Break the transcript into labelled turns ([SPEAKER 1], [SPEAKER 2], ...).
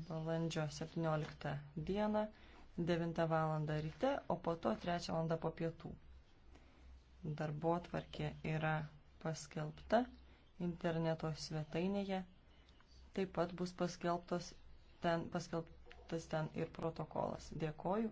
[SPEAKER 1] balandžio 17 dieną 9 val. ryte, o po to 3 val. po pietų. Darbo tvarkė yra paskelbta interneto svetainėje. Taip pat bus paskelbtas ten, paskelbtas ten ir protokolas. Dėkoju.